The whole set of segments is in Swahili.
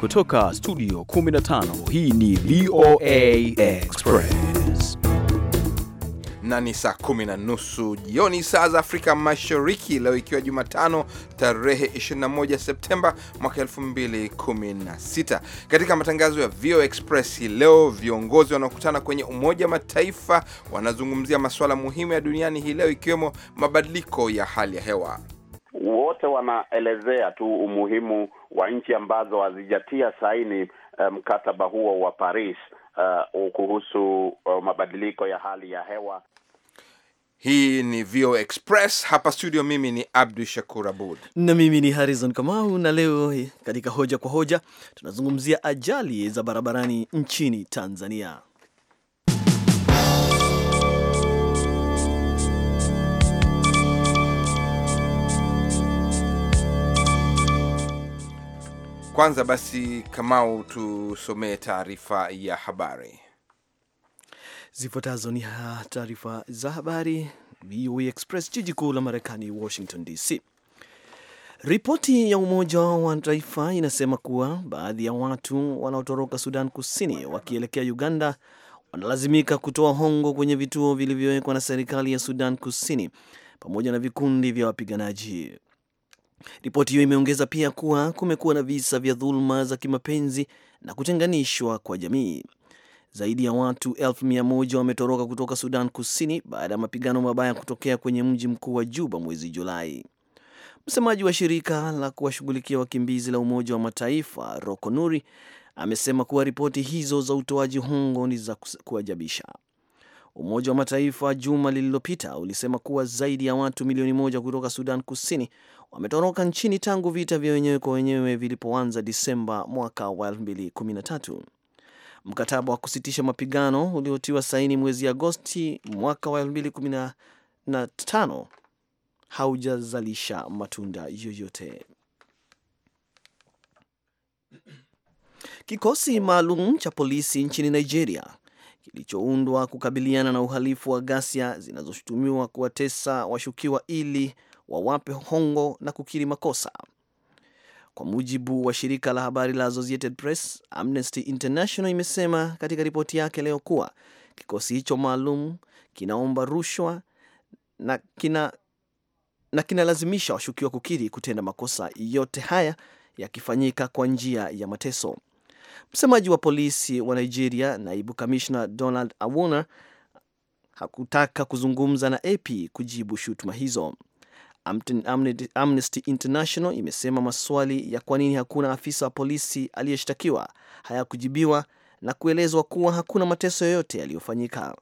Kutoka studio 15 hii ni VOA Express na ni saa kumi na nusu jioni saa za Afrika Mashariki, leo ikiwa Jumatano tarehe 21 Septemba mwaka 2016. Katika matangazo ya VOA Express hii leo, viongozi wanaokutana kwenye Umoja wa Mataifa wanazungumzia masuala muhimu ya duniani hii leo, ikiwemo mabadiliko ya hali ya hewa wote wanaelezea tu umuhimu wa nchi ambazo hazijatia saini eh, mkataba um, huo wa Paris uh, kuhusu uh, mabadiliko ya hali ya hewa. Hii ni VOA Express hapa studio. Mimi ni Abdu Shakur Abud na mimi ni Harrison Kamau, na leo katika hoja kwa hoja tunazungumzia ajali za barabarani nchini Tanzania. Kwanza basi, Kamau, tusomee taarifa ya habari zifuatazo. Ni taarifa za habari VOA Express, jiji kuu la Marekani, Washington DC. Ripoti ya Umoja wa Mataifa inasema kuwa baadhi ya watu wanaotoroka Sudan Kusini wakielekea Uganda wanalazimika kutoa hongo kwenye vituo vilivyowekwa na serikali ya Sudan Kusini pamoja na vikundi vya wapiganaji. Ripoti hiyo imeongeza pia kuwa kumekuwa na visa vya dhuluma za kimapenzi na kutenganishwa kwa jamii. Zaidi ya watu elfu mia moja wametoroka kutoka Sudan Kusini baada ya mapigano mabaya kutokea kwenye mji mkuu wa Juba mwezi Julai. Msemaji wa shirika la kuwashughulikia wakimbizi la Umoja wa Mataifa Roko Nuri amesema kuwa ripoti hizo za utoaji hongo ni za kuajabisha. Umoja wa Mataifa juma lililopita ulisema kuwa zaidi ya watu milioni moja kutoka Sudan Kusini wametoroka nchini tangu vita vya wenyewe kwa wenyewe vilipoanza Disemba mwaka wa 2013. Mkataba wa kusitisha mapigano uliotiwa saini mwezi Agosti mwaka wa 2015 haujazalisha matunda yoyote. Kikosi maalum cha polisi nchini Nigeria kilichoundwa kukabiliana na uhalifu wa ghasia zinazoshutumiwa kuwatesa washukiwa ili wawape hongo na kukiri makosa. Kwa mujibu wa shirika la habari la Associated Press, Amnesty International imesema katika ripoti yake leo kuwa kikosi hicho maalum kinaomba rushwa na kina na kinalazimisha washukiwa kukiri kutenda makosa, yote haya yakifanyika kwa njia ya mateso. Msemaji wa polisi wa Nigeria, naibu kamishna Donald Awona, hakutaka kuzungumza na AP kujibu shutuma hizo. Amnesty International imesema maswali ya kwa nini hakuna afisa wa polisi aliyeshtakiwa hayakujibiwa na kuelezwa kuwa hakuna mateso yoyote yaliyofanyika.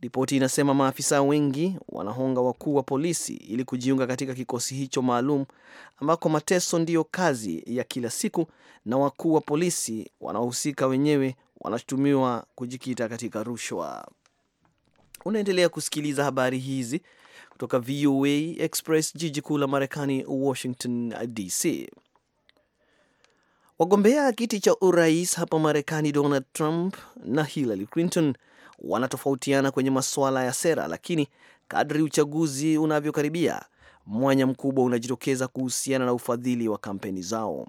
Ripoti inasema maafisa wengi wanahonga wakuu wa polisi ili kujiunga katika kikosi hicho maalum ambako mateso ndiyo kazi ya kila siku, na wakuu wa polisi wanaohusika wenyewe wanashutumiwa kujikita katika rushwa. Unaendelea kusikiliza habari hizi kutoka VOA Express, jiji kuu la Marekani, Washington DC. Wagombea kiti cha urais hapa Marekani, Donald Trump na Hillary Clinton wanatofautiana kwenye masuala ya sera, lakini kadri uchaguzi unavyokaribia, mwanya mkubwa unajitokeza kuhusiana na ufadhili wa kampeni zao.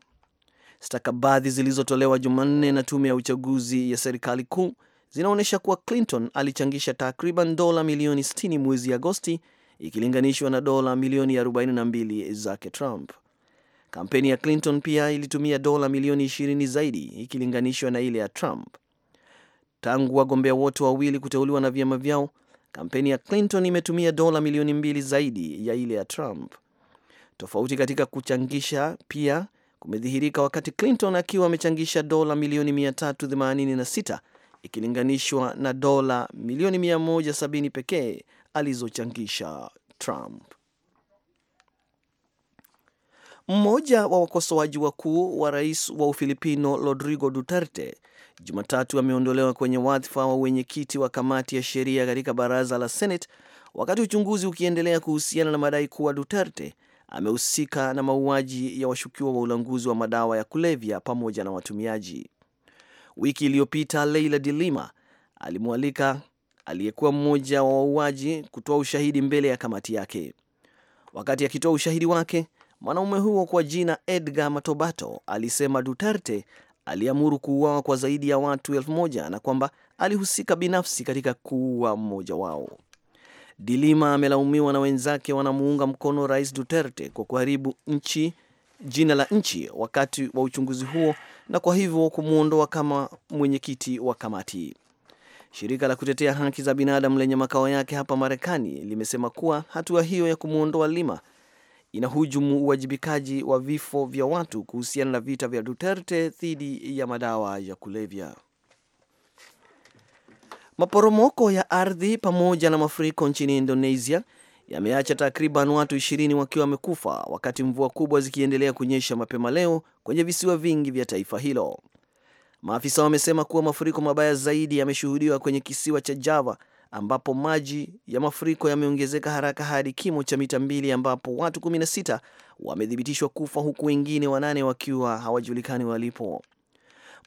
Stakabadhi zilizotolewa Jumanne na tume ya uchaguzi ya serikali kuu zinaonyesha kuwa Clinton alichangisha takriban dola milioni 60 mwezi Agosti ikilinganishwa na dola milioni 42 zake Trump. Kampeni ya Clinton pia ilitumia dola milioni 20 zaidi ikilinganishwa na ile ya Trump. Tangu wagombea wote wawili kuteuliwa na vyama vyao, kampeni ya Clinton imetumia dola milioni mbili zaidi ya ile ya Trump. Tofauti katika kuchangisha pia kumedhihirika wakati Clinton akiwa amechangisha dola milioni 386 ikilinganishwa na dola milioni 170 pekee alizochangisha Trump. Mmoja wa wakosoaji wakuu wa rais wa Ufilipino Rodrigo Duterte Jumatatu ameondolewa kwenye wadhifa wa wenyekiti wa kamati ya sheria katika baraza la Senate wakati uchunguzi ukiendelea kuhusiana na madai kuwa Duterte amehusika na mauaji ya washukiwa wa ulanguzi wa madawa ya kulevya pamoja na watumiaji. Wiki iliyopita Leila Dilima alimwalika aliyekuwa mmoja wa wauaji kutoa ushahidi mbele ya kamati yake. Wakati akitoa ushahidi wake, mwanaume huo kwa jina Edgar Matobato alisema Duterte aliamuru kuuawa kwa zaidi ya watu elfu moja na kwamba alihusika binafsi katika kuua mmoja wao. Dilima amelaumiwa na wenzake wanamuunga mkono Rais Duterte kwa kuharibu nchi jina la nchi wakati wa uchunguzi huo na kwa hivyo kumwondoa kama mwenyekiti wa kamati. Shirika la kutetea haki za binadamu lenye makao yake hapa Marekani limesema kuwa hatua hiyo ya kumwondoa Lima inahujumu uwajibikaji wa vifo vya watu kuhusiana na vita vya Duterte dhidi ya madawa ya kulevya. Maporomoko ya ardhi pamoja na mafuriko nchini Indonesia yameacha takriban watu ishirini wakiwa wamekufa wakati mvua kubwa zikiendelea kunyesha mapema leo kwenye visiwa vingi vya taifa hilo. Maafisa wamesema kuwa mafuriko mabaya zaidi yameshuhudiwa kwenye kisiwa cha Java ambapo maji ya mafuriko yameongezeka haraka hadi kimo cha mita mbili ambapo watu 16 wamethibitishwa kufa huku wengine wanane wakiwa hawajulikani walipo.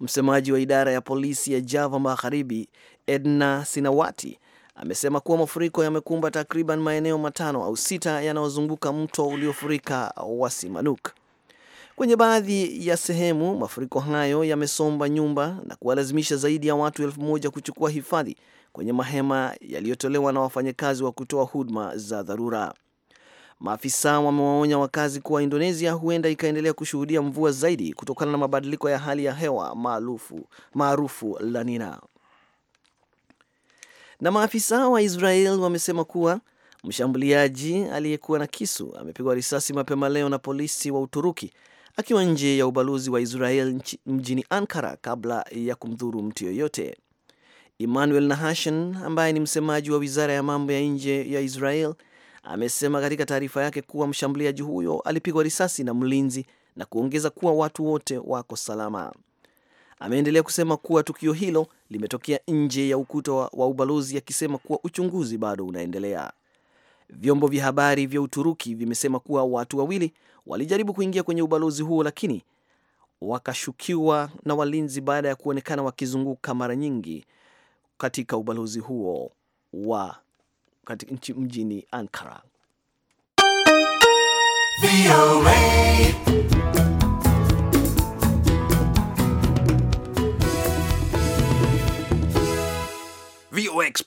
Msemaji wa idara ya polisi ya Java Magharibi Edna Sinawati amesema kuwa mafuriko yamekumba takriban maeneo matano au sita yanayozunguka mto uliofurika wa Simanuk. Kwenye baadhi ya sehemu, mafuriko hayo yamesomba nyumba na kuwalazimisha zaidi ya watu elfu moja kuchukua hifadhi kwenye mahema yaliyotolewa na wafanyakazi wa kutoa huduma za dharura. Maafisa wamewaonya wakazi kuwa Indonesia huenda ikaendelea kushuhudia mvua zaidi kutokana na mabadiliko ya hali ya hewa maarufu La Nina. Na maafisa wa Israel wamesema kuwa mshambuliaji aliyekuwa na kisu amepigwa risasi mapema leo na polisi wa Uturuki akiwa nje ya ubalozi wa Israel mjini Ankara kabla ya kumdhuru mtu yoyote. Emmanuel Nahashan ambaye ni msemaji wa wizara ya mambo ya nje ya Israel amesema katika taarifa yake kuwa mshambuliaji huyo alipigwa risasi na mlinzi na kuongeza kuwa watu wote wako salama. Ameendelea kusema kuwa tukio hilo limetokea nje ya ukuta wa ubalozi, akisema kuwa uchunguzi bado unaendelea. Vyombo vya habari vya Uturuki vimesema kuwa watu wawili walijaribu kuingia kwenye ubalozi huo, lakini wakashukiwa na walinzi baada ya kuonekana wakizunguka mara nyingi katika ubalozi huo wa katika nchi mjini Ankara.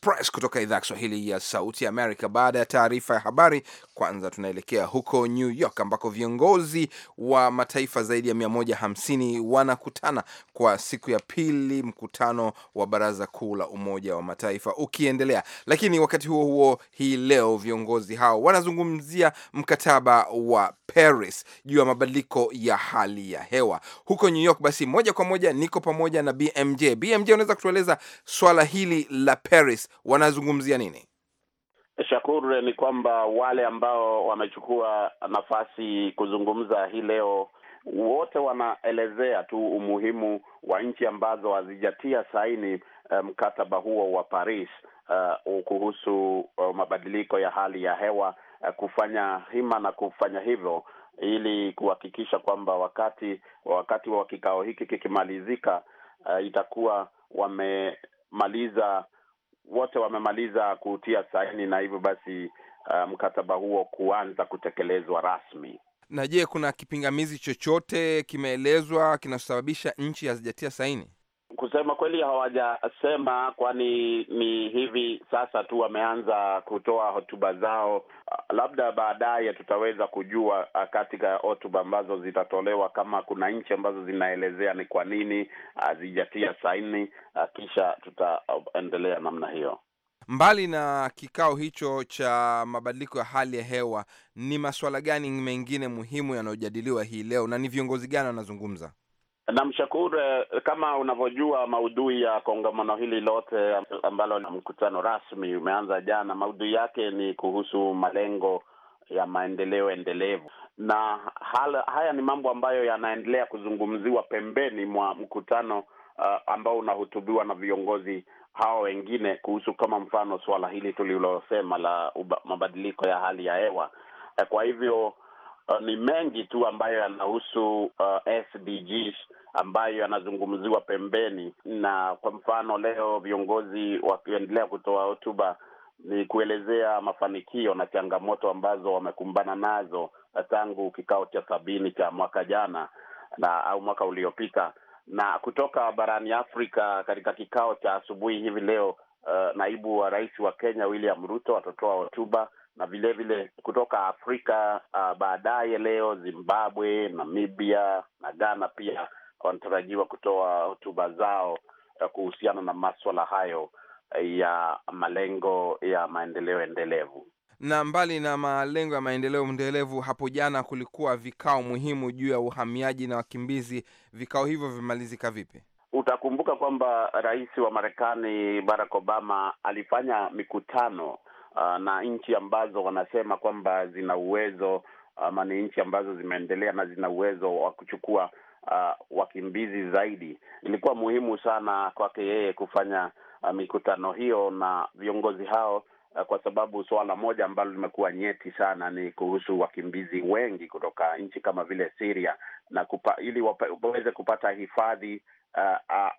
Express kutoka idhaa ya Kiswahili ya Sauti ya Amerika. Baada ya taarifa ya habari, kwanza tunaelekea huko New York ambako viongozi wa mataifa zaidi ya 150 wanakutana kwa siku ya pili, mkutano wa Baraza Kuu la Umoja wa Mataifa ukiendelea. Lakini wakati huo huo, hii leo viongozi hao wanazungumzia mkataba wa Paris juu ya mabadiliko ya hali ya hewa huko New York. Basi moja kwa moja niko pamoja na BMJ. BMJ, unaweza kutueleza swala hili la Paris wanazungumzia nini? Shakur, ni kwamba wale ambao wamechukua nafasi kuzungumza hii leo wote wanaelezea tu umuhimu wa nchi ambazo hazijatia saini eh, mkataba um, huo wa Paris uh, kuhusu uh, mabadiliko ya hali ya hewa uh, kufanya hima na kufanya hivyo ili kuhakikisha kwamba wakati wakati wa kikao hiki kikimalizika, uh, itakuwa wamemaliza wote wamemaliza kutia saini na hivyo basi uh, mkataba huo kuanza kutekelezwa rasmi. Na je, kuna kipingamizi chochote kimeelezwa kinachosababisha nchi hazijatia saini? Kusema kweli hawajasema, kwani ni hivi sasa tu wameanza kutoa hotuba zao. Labda baadaye tutaweza kujua uh, katika hotuba ambazo zitatolewa kama kuna nchi ambazo zinaelezea ni kwa nini hazijatia saini, uh, kisha tutaendelea namna hiyo. Mbali na kikao hicho cha mabadiliko ya hali ya hewa, ni masuala gani mengine muhimu yanayojadiliwa hii leo na ni viongozi gani wanazungumza? Namshukuru. Eh, kama unavyojua, maudhui ya kongamano hili lote ambalo ni mkutano rasmi umeanza jana, maudhui yake ni kuhusu malengo ya maendeleo endelevu, na hala, haya ni mambo ambayo yanaendelea kuzungumziwa pembeni mwa mkutano uh, ambao unahutubiwa na viongozi hao wengine kuhusu kama mfano suala hili tulilosema la uba, mabadiliko ya hali ya hewa. Eh, kwa hivyo uh, ni mengi tu ambayo yanahusu uh, SDGs ambayo yanazungumziwa pembeni. Na kwa mfano leo viongozi wakiendelea kutoa hotuba ni kuelezea mafanikio na changamoto ambazo wamekumbana nazo tangu kikao cha sabini cha mwaka jana na au mwaka uliopita. Na kutoka barani Afrika, katika kikao cha asubuhi hivi leo uh, naibu wa rais wa Kenya William Ruto atatoa hotuba na vilevile vile kutoka Afrika uh, baadaye leo Zimbabwe, Namibia na Ghana pia wanatarajiwa kutoa hotuba zao eh, kuhusiana na maswala hayo eh, ya malengo ya maendeleo endelevu. Na mbali na malengo ya maendeleo endelevu, hapo jana kulikuwa vikao muhimu juu ya uhamiaji na wakimbizi. Vikao hivyo vimemalizika vipi? Utakumbuka kwamba rais wa Marekani Barack Obama alifanya mikutano uh, na nchi ambazo wanasema kwamba zina uwezo ama ni nchi ambazo zimeendelea na zina uwezo wa kuchukua uh, wakimbizi zaidi. Ilikuwa muhimu sana kwake yeye kufanya uh, mikutano hiyo na viongozi hao uh, kwa sababu suala moja ambalo limekuwa nyeti sana ni kuhusu wakimbizi wengi kutoka nchi kama vile Syria na kupa, ili waweze kupata hifadhi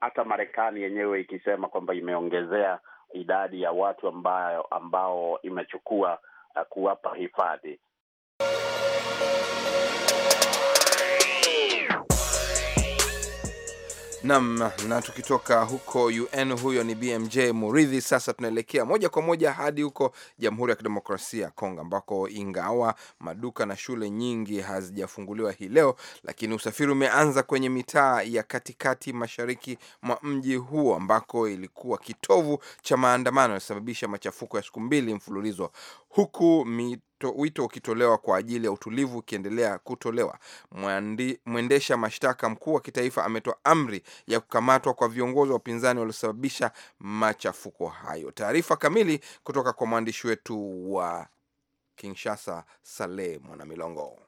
hata uh, uh, Marekani yenyewe ikisema kwamba imeongezea idadi ya watu ambao, ambao imechukua uh, kuwapa hifadhi. Nam na tukitoka huko UN, huyo ni BMJ Muridhi. Sasa tunaelekea moja kwa moja hadi huko Jamhuri ya Kidemokrasia ya Kongo, ambako ingawa maduka na shule nyingi hazijafunguliwa hii leo, lakini usafiri umeanza kwenye mitaa ya katikati mashariki mwa mji huo ambako ilikuwa kitovu cha maandamano yalisababisha machafuko ya siku mbili mfululizo, huku wito ukitolewa kwa ajili ya utulivu ukiendelea kutolewa, mwendesha mashtaka mkuu wa kitaifa ametoa amri ya kukamatwa kwa viongozi wa upinzani waliosababisha machafuko hayo. Taarifa kamili kutoka kwa mwandishi wetu wa Kinshasa, Saleh Mwanamilongo.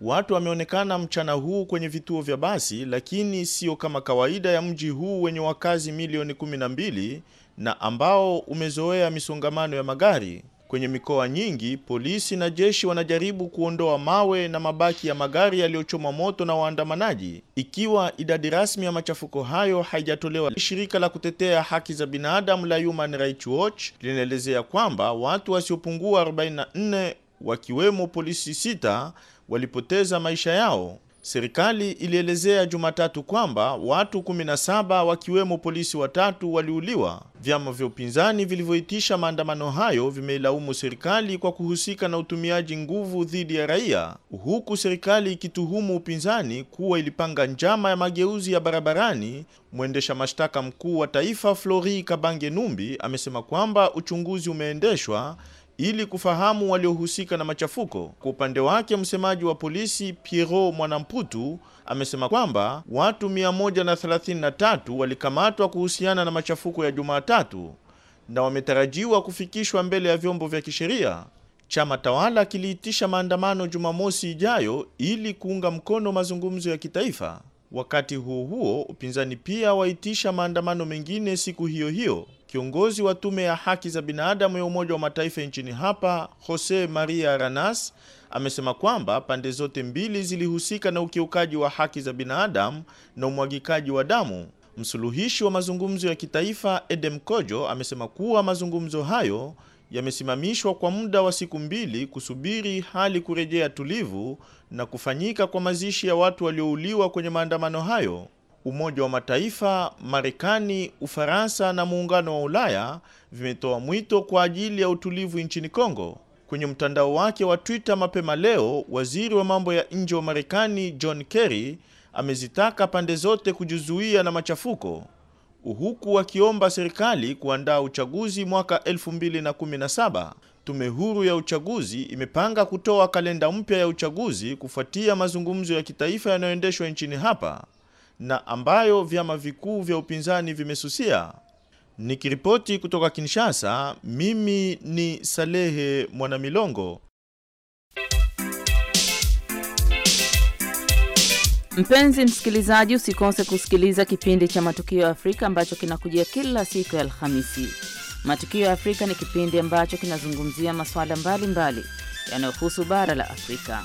Watu wameonekana mchana huu kwenye vituo vya basi, lakini sio kama kawaida ya mji huu wenye wakazi milioni 12 na ambao umezoea misongamano ya magari. Kwenye mikoa nyingi, polisi na jeshi wanajaribu kuondoa mawe na mabaki ya magari yaliyochomwa moto na waandamanaji, ikiwa idadi rasmi ya machafuko hayo haijatolewa. Shirika la kutetea haki za binadamu la Human Rights Watch linaelezea kwamba watu wasiopungua 44 wakiwemo polisi sita walipoteza maisha yao. Serikali ilielezea Jumatatu kwamba watu 17 wakiwemo polisi watatu waliuliwa. Vyama vya upinzani vilivyoitisha maandamano hayo vimeilaumu serikali kwa kuhusika na utumiaji nguvu dhidi ya raia, huku serikali ikituhumu upinzani kuwa ilipanga njama ya mageuzi ya barabarani. Mwendesha mashtaka mkuu wa taifa Flori Kabange Numbi amesema kwamba uchunguzi umeendeshwa ili kufahamu waliohusika na machafuko. Kwa upande wake, msemaji wa polisi Pierrot Mwanamputu amesema kwamba watu 133 walikamatwa kuhusiana na machafuko ya Jumatatu na wametarajiwa kufikishwa mbele ya vyombo vya kisheria. Chama tawala kiliitisha maandamano Jumamosi ijayo ili kuunga mkono mazungumzo ya kitaifa. Wakati huo huo, upinzani pia waitisha maandamano mengine siku hiyo hiyo. Kiongozi wa tume ya haki za binadamu ya Umoja wa Mataifa nchini hapa, Jose Maria ranas amesema kwamba pande zote mbili zilihusika na ukiukaji wa haki za binadamu na umwagikaji wa damu. Msuluhishi wa mazungumzo ya kitaifa Edem Kojo amesema kuwa mazungumzo hayo yamesimamishwa kwa muda wa siku mbili kusubiri hali kurejea tulivu na kufanyika kwa mazishi ya watu waliouliwa kwenye maandamano hayo. Umoja wa Mataifa, Marekani, Ufaransa na Muungano wa Ulaya vimetoa mwito kwa ajili ya utulivu nchini Kongo. Kwenye mtandao wake wa Twitter mapema leo, waziri wa mambo ya nje wa Marekani John Kerry amezitaka pande zote kujizuia na machafuko, huku wakiomba serikali kuandaa uchaguzi mwaka 2017. Tume huru ya uchaguzi imepanga kutoa kalenda mpya ya uchaguzi kufuatia mazungumzo ya kitaifa yanayoendeshwa nchini hapa na ambayo vyama vikuu vya upinzani vimesusia. Nikiripoti kutoka Kinshasa, mimi ni Salehe Mwanamilongo. Mpenzi msikilizaji, usikose kusikiliza kipindi cha Matukio ya Afrika ambacho kinakujia kila siku ya Alhamisi. Matukio ya Afrika ni kipindi ambacho kinazungumzia masuala mbalimbali yanayohusu bara la Afrika.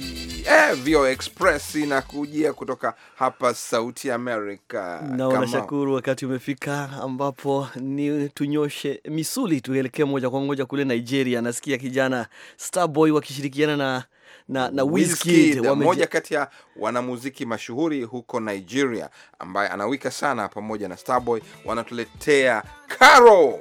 Eh, Express inakujia kutoka hapa Sauti ya Amerika. Naona wakati umefika ambapo ni tunyoshe misuli, tuelekee moja kwa moja kule Nigeria. Nasikia kijana Starboy wakishirikiana na na, na Wizkid mmoja kati ya wanamuziki mashuhuri huko Nigeria ambaye anawika sana, pamoja na Starboy wanatuletea Karo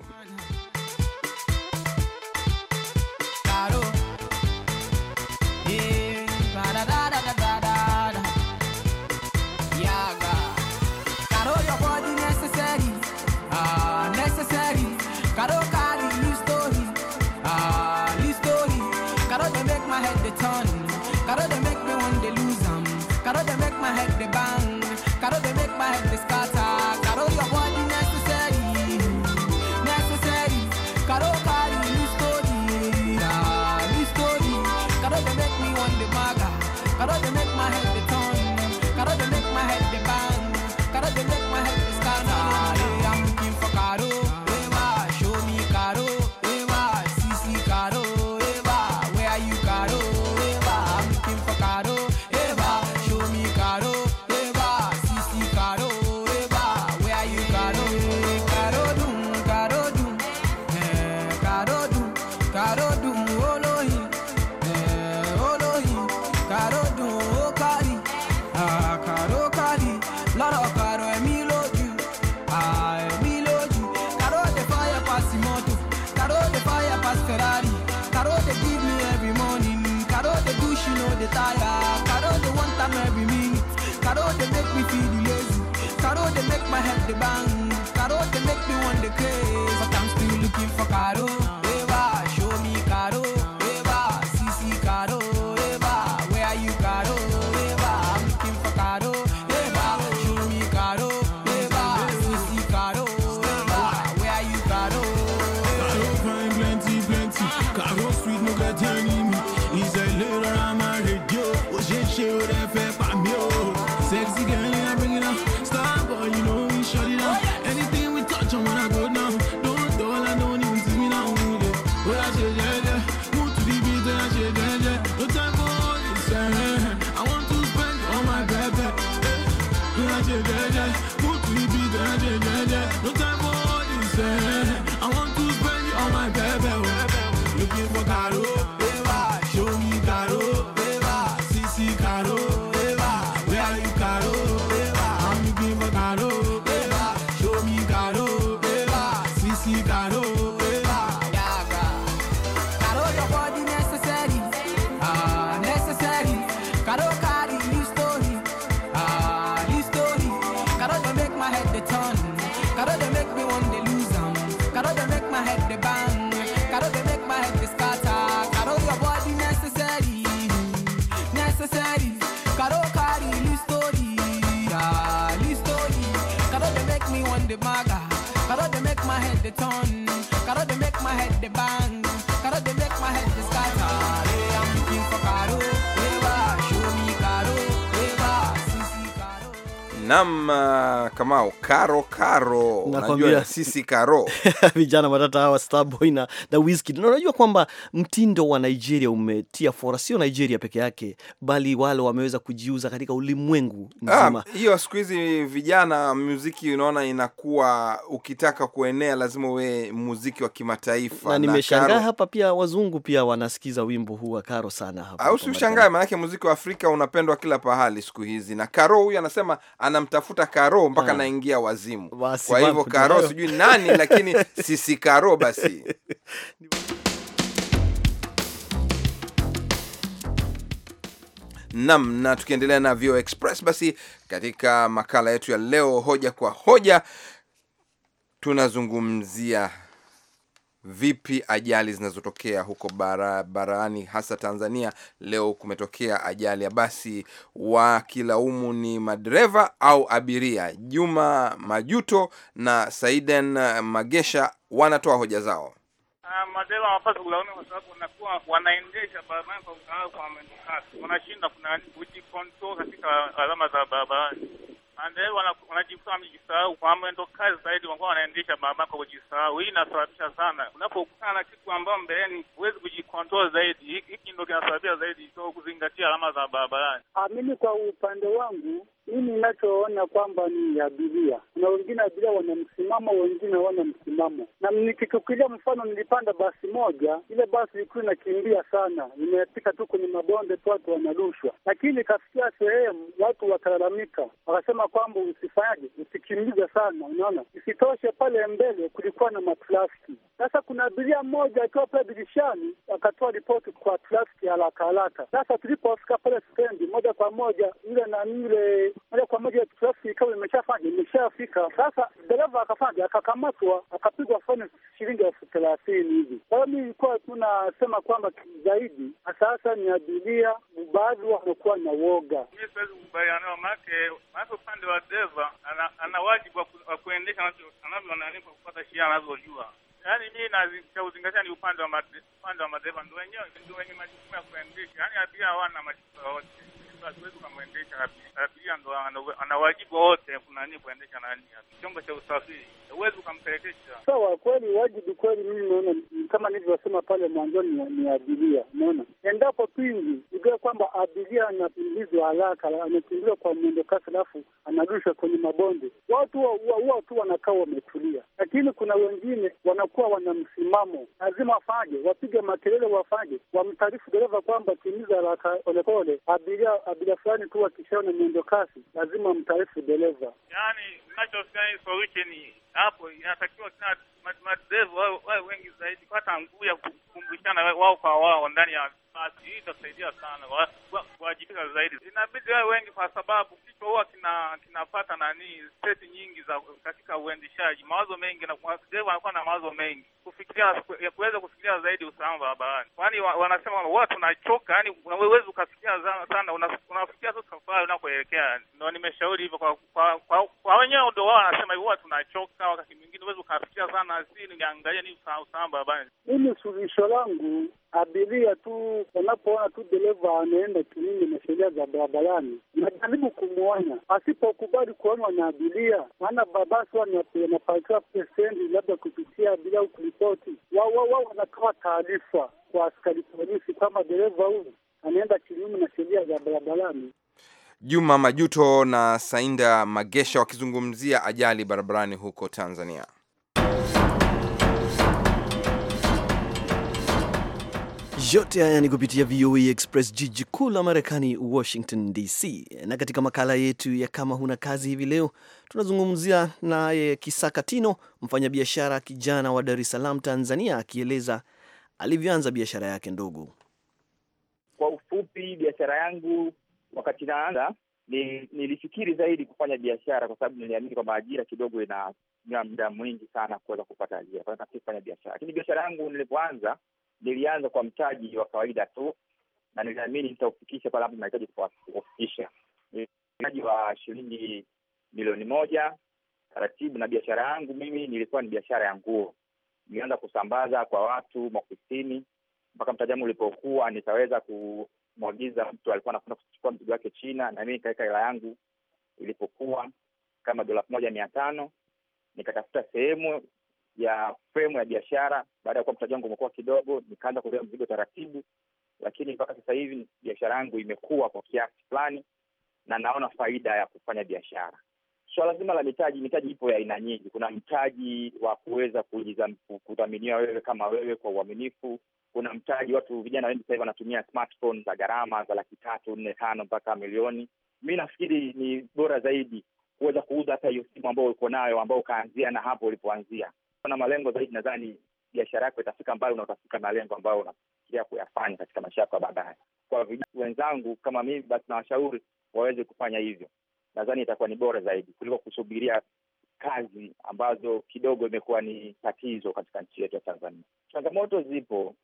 make my head the bang. Caro, they make me want the craze. But I'm still looking for Caro. Nam uh, Kamau karo karo, unajua sisi karo vijana matata hawa Starboy na, na Wizkid na unajua kwamba mtindo wa Nigeria umetia fora, sio Nigeria peke yake, bali wale wameweza kujiuza katika ulimwengu ah, mzima. Hiyo siku hizi vijana muziki, unaona inakuwa ukitaka kuenea lazima uwe muziki wa kimataifa, na nimeshangaa hapa pia wazungu pia wanasikiza wimbo huu wa karo sana hapa, au ah, si ushangae, maanake muziki wa Afrika unapendwa kila pahali siku hizi, na karo huyu anasema ana namtafuta Karo mpaka ah. naingia wazimu. Kwa hivyo Karo sijui nani, lakini sisi Karo basi Nam, na tukiendelea na Vio Express basi, katika makala yetu ya leo, hoja kwa hoja, tunazungumzia vipi ajali zinazotokea huko bara, barani hasa Tanzania. Leo kumetokea ajali ya basi, wakilaumu ni madereva au abiria. Juma Majuto na Saiden Magesha wanatoa hoja zao. Ah, madereva hawapaswi kulaumiwa kwa sababu wanakuwa wanaendesha barabarani kwa utawala kwa manufaa, wanashinda kujikontrol katika alama za barabarani wanajifaa wamejisahau kwamba ndo kazi zaidi wanakuwa wanaendesha barabara kwa kujisahau. Hii inasababisha sana, unapokutana na kitu ambayo mbeleni huwezi kujikontrol zaidi, hiki ndo kinasababisha zaidi kuzingatia alama za barabarani. Ah, mimi kwa upande wangu mimi ninachoona kwamba ni abiria. Kuna wengine abiria wana msimamo, wengine hawana msimamo. Na nikichukulia mfano, nilipanda basi moja, ile basi ilikuwa inakimbia sana, imepita tu kwenye mabonde tu, watu wanarushwa, lakini ikafikia sehemu watu wakalalamika, wakasema kwamba usifanyaje, usikimbiza sana. Unaona, isitoshe pale mbele kulikuwa na matrafiki. Sasa kuna abiria mmoja akiwa pale dirishani akatoa ripoti kwa trafiki haraka haraka. Sasa tulipofika pale stendi, moja kwa moja yule na yule moja kwa moja trafiki kama imeshafika sasa, dereva akafanya akakamatwa, akapigwa faini shilingi elfu thelathini hivi. Kwa hiyo mi ilikuwa tunasema kwamba zaidi sasa ni abiria baadhi wamekuwa na woga. Mi siwezi kukubaliana maake, maake upande wa dereva ana, ana wajibu wa kuendesha kwa kupata sheria anavyojua. Yaani mi nachakuzingatia ni upande wa upande wa madereva, ndo wenyewe ndo wenye majukumu ya kuendesha, yaani abiria hawana majukumu yoyote hatuwezi ukamwendesha abiria, ndo ana wajibu wote kunani kuendesha nani chombo cha usafiri, huwezi ukamtelekesha. Sawa, kweli wajibu kweli, mimi naona kama nilivyosema pale mwanzoni ni abiria. Unaona, endapo pindi ujue kwamba abiria anakimbizwa haraka, anakimbizwa kwa mwendo kasi, alafu anarushwa kwenye mabonde, watu huwa tu wanakaa wametulia, lakini kuna wengine wanakuwa wana msimamo. Lazima wafaje, wapige makelele, wafaje, wamtaarifu dereva kwamba timiza haraka polepole, abiria abiria fulani tu wakishaona miendo kasi lazima mtaarifu dereva. Yaani nachosikia hii solution hapo inatakiwa kina madereva wawe wengi zaidi, hata nguvu ya kukumbushana wao kwa wao ndani ya basi. Hii itasaidia sana kuwajibika zaidi. Inabidi wawe wengi, kwa sababu kichwa huwa kina kinapata nani, seti nyingi za katika uendeshaji, mawazo mengi, na dereva anakuwa na mawazo mengi kufikiria ya kuweza kufikiria zaidi usalama barabarani, kwani wanasema wao tunachoka, yani unaweza ukafikiria sana, unafikiria tu safari unakoelekea. Ndio nimeshauri hivyo kwa kwa, kwa, kwa wenyewe ndio wao wanasema wao tunachoka sawa, wakati mwingine huwezi ukafikiria sana asili niangalia nini usalama barabarani. Mimi suluhisho langu abiria tu wanapoona tu dereva anaenda kinyume na sheria za barabarani, najaribu kumwonya. Asipokubali kuonywa na abiria, maana babasi yanapatiwa pesendi, labda kupitia bila kuripoti, wao wao wanatoa taarifa kwa askari polisi kwamba dereva huyu anaenda kinyume na sheria za barabarani. Juma Majuto na Sainda Magesha wakizungumzia ajali barabarani huko Tanzania. Yote haya ni kupitia VOA e Express, jiji kuu la Marekani, Washington DC. Na katika makala yetu ya kama huna kazi hivi leo, tunazungumzia naye Kisakatino, mfanyabiashara kijana wa Dar es Salaam, Tanzania, akieleza alivyoanza biashara yake ndogo. Kwa ufupi, biashara yangu wakati naanza ni, nilifikiri zaidi kufanya biashara kwa sababu niliamini kwamba ajira kidogo ina muda mwingi sana kuweza kupata ajira, kufanya biashara. Lakini biashara yangu nilipoanza, nilianza kwa mtaji wa kawaida tu, na niliamini nitaufikisha pale ambapo nahitaji kuufikisha. Mtaji wa shilingi milioni moja taratibu. Na biashara yangu mimi nilikuwa ni biashara ya nguo, nilianza kusambaza kwa watu maofisini mpaka mtajamu ulipokuwa nitaweza kumwagiza mtu alikuwa anakwenda kuchukua mzigo wake China, na mimi nikaweka hela yangu ilipokuwa kama dola elfu moja mia tano nikatafuta sehemu ya fremu ya biashara. Baada ya kuwa mtaji wangu umekuwa kidogo, nikaanza kuvea mzigo taratibu, lakini mpaka sasa hivi biashara yangu imekuwa kwa kiasi fulani na naona faida ya kufanya biashara. Swala so, zima la mitaji, mitaji ipo ya aina nyingi. Kuna mtaji wa kuweza kudhaminiwa wewe kama wewe kwa uaminifu, kuna mtaji. Watu vijana wengi sasa hivi wanatumia smartphone za gharama za laki tatu, nne, tano mpaka milioni. Mi nafikiri ni bora zaidi kuweza kuuza hata hiyo simu ambao uko nayo, ambao ukaanzia na hapo ulipoanzia. Kuna malengo zaidi, nadhani biashara yako itafika mbali na utafika malengo ambayo unafikiria kuyafanya katika maisha yako ya baadaye. Kwa vijana wenzangu kama mimi, basi nawashauri waweze kufanya hivyo, nadhani itakuwa ni bora zaidi kuliko kusubiria kazi ambazo kidogo imekuwa ni tatizo katika nchi yetu ya Tanzania. Changamoto zipo,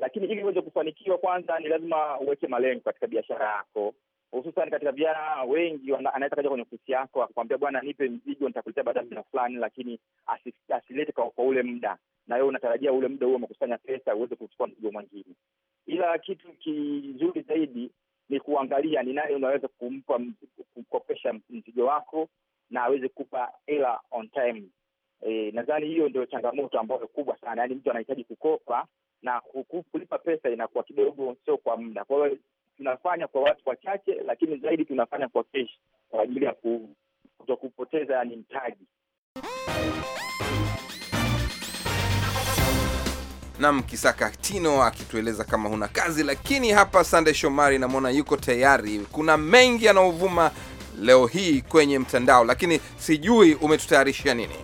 lakini ili uweze kufanikiwa, kwanza ni lazima uweke malengo katika biashara yako, hususan katika vijana wengi anaweza kaja kwenye ofisi yako akakwambia, bwana, nipe mzigo, nitakuletea baada ya muda fulani, lakini asilete kwa, kwa ule muda, na wewe unatarajia ule muda huo umekusanya pesa uweze kuchukua mzigo mwingine. Ila kitu kizuri zaidi ni kuangalia ni nani unaweza kumpa kukopesha mzigo wako na aweze kupa hela on time. E, nadhani hiyo ndio changamoto ambayo kubwa sana, yaani mtu anahitaji kukopa na kulipa pesa inakuwa kidogo, sio kwa muda. Kwa hiyo tunafanya kwa watu wachache, lakini zaidi tunafanya kwa keshi kwa ajili ya kuto kupoteza yani mtaji. Nam Kisaka Tino akitueleza kama huna kazi, lakini hapa Sande Shomari namwona yuko tayari. Kuna mengi yanayovuma leo hii kwenye mtandao, lakini sijui umetutayarishia nini?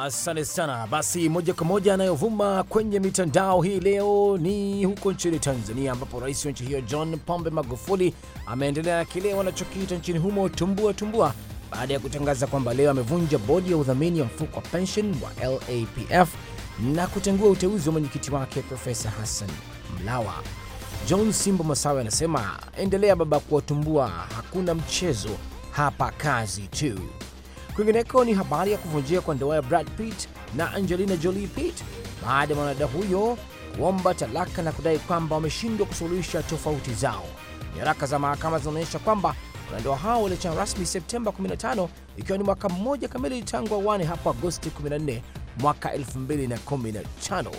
Asante sana. Basi moja kwa moja anayovuma kwenye mitandao hii leo ni huko nchini Tanzania, ambapo rais wa nchi hiyo John Pombe Magufuli ameendelea na kile wanachokiita nchini humo tumbua tumbua, baada ya kutangaza kwamba leo amevunja bodi ya udhamini ya mfuko wa pension wa LAPF na kutengua uteuzi wa mwenyekiti wake Profesa Hassan Mlawa. John Simbo Masawe anasema endelea baba kuwatumbua, hakuna mchezo hapa, kazi tu. Kwingineko ni habari ya kuvunjia kwa ndoa ya Brad Pitt na Angelina Jolie Pitt baada ya mwanadada huyo kuomba talaka na kudai kwamba wameshindwa kusuluhisha tofauti zao. Nyaraka za mahakama zinaonyesha kwamba wanandoa hao waliachana rasmi Septemba 15 ikiwa ni mwaka mmoja kamili tangu awane hapo Agosti 14 mwaka 2015.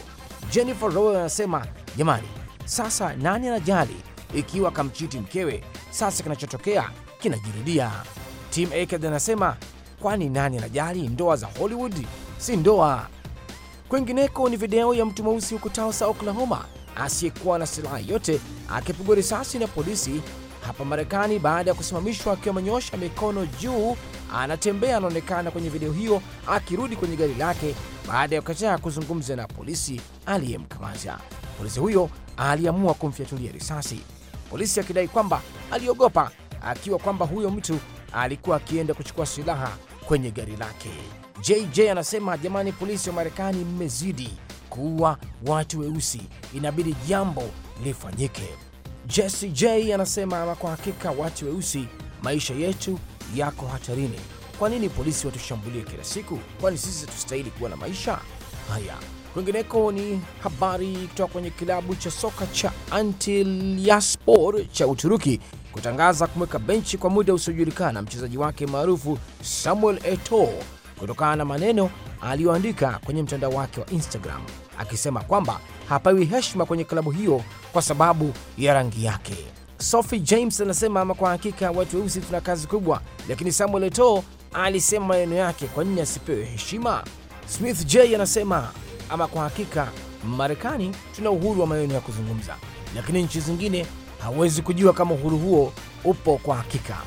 Jennifer Rowe anasema, jamani, sasa nani anajali ikiwa kamchiti mkewe? Sasa kinachotokea kinajirudia. Tim Aked anasema Kwani nani anajali ndoa za Hollywood? Si ndoa. Kwengineko ni video ya mtu mweusi huko tausa Oklahoma, asiyekuwa na silaha yote akipigwa risasi na polisi hapa Marekani baada ya kusimamishwa akiwa menyosha mikono juu. Anatembea, anaonekana kwenye video hiyo akirudi kwenye gari lake baada ya kukataa kuzungumza na polisi aliyemkamata. Polisi huyo aliamua kumfyatulia risasi, polisi akidai kwamba aliogopa, akiwa kwamba huyo mtu alikuwa akienda kuchukua silaha kwenye gari lake. JJ anasema jamani, polisi wa Marekani mmezidi kuua watu weusi, inabidi jambo lifanyike. Jesse J anasema ama kwa hakika watu weusi, maisha yetu yako hatarini. Kwa nini polisi watushambulie kila siku? Kwani sisi hatustahili kuwa na maisha haya? Kwingineko ni habari kutoka kwenye kilabu cha soka cha Antalyaspor cha Uturuki kutangaza kumweka benchi kwa muda usiojulikana mchezaji wake maarufu Samuel Eto'o kutokana na maneno aliyoandika kwenye mtandao wake wa Instagram akisema kwamba hapewi heshima kwenye klabu hiyo kwa sababu ya rangi yake. Sophie James anasema ama kwa hakika watu weusi tuna kazi kubwa, lakini Samuel Eto'o alisema maneno yake, kwa nini asipewe heshima? Smith J anasema ama kwa hakika Marekani tuna uhuru wa maneno ya kuzungumza, lakini nchi zingine hauwezi kujua kama uhuru huo upo kwa hakika.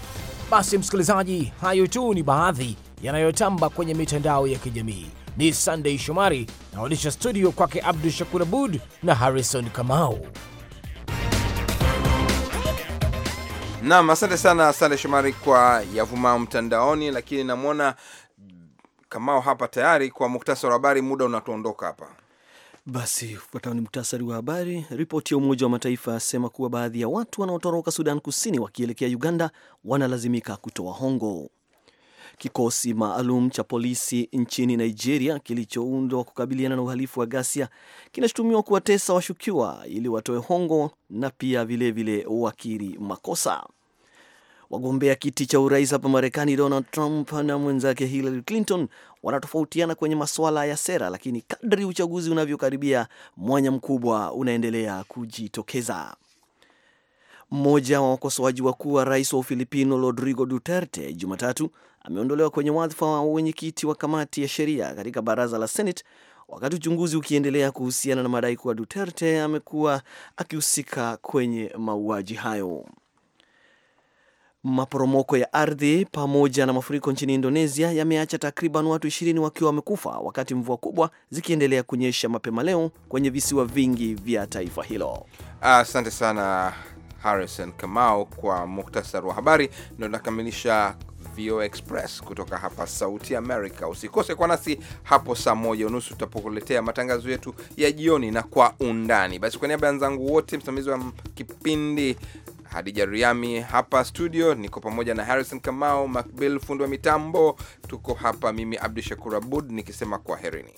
Basi msikilizaji, hayo tu ni baadhi yanayotamba kwenye mitandao ya kijamii. Ni Sunday Shomari naonyesha studio kwake Abdu Shakur Abud na Harrison Kamau. Nam, asante sana sandey Shomari kwa yavumao mtandaoni. Lakini namwona Kamao hapa tayari kwa muktasari wa habari, muda unatuondoka hapa. Basi ufuatao ni muhtasari wa habari. Ripoti ya Umoja wa Mataifa yasema kuwa baadhi ya watu wanaotoroka Sudan Kusini wakielekea Uganda wanalazimika kutoa hongo. Kikosi maalum cha polisi nchini Nigeria kilichoundwa kukabiliana na uhalifu wa ghasia kinashutumiwa kuwatesa washukiwa ili watoe hongo na pia vilevile wakiri makosa. Wagombea kiti cha urais hapa Marekani, Donald Trump na mwenzake Hillary Clinton wanatofautiana kwenye masuala ya sera, lakini kadri uchaguzi unavyokaribia, mwanya mkubwa unaendelea kujitokeza. Mmoja wa wakosoaji wakuu wa rais wa Ufilipino Rodrigo Duterte Jumatatu ameondolewa kwenye wadhifa wa wenyekiti wa kamati ya sheria katika baraza la Senate wakati uchunguzi ukiendelea kuhusiana na madai kuwa Duterte amekuwa akihusika kwenye mauaji hayo. Maporomoko ya ardhi pamoja na mafuriko nchini Indonesia yameacha takriban watu ishirini wakiwa wamekufa wakati mvua kubwa zikiendelea kunyesha mapema leo kwenye visiwa vingi vya taifa hilo. Asante ah, sana Harrison Kamau kwa muktasari wa habari. Ndio nakamilisha VO Express kutoka hapa Sauti America. Usikose kwa nasi hapo saa moja unusu tutapokuletea matangazo yetu ya jioni na kwa undani. Basi kwa niaba ya wenzangu wote, msimamizi wa kipindi Hadija Riami hapa studio, niko pamoja na Harrison Kamau, Macbill fundi wa mitambo. Tuko hapa mimi Abdu Shakur Abud nikisema kwaherini.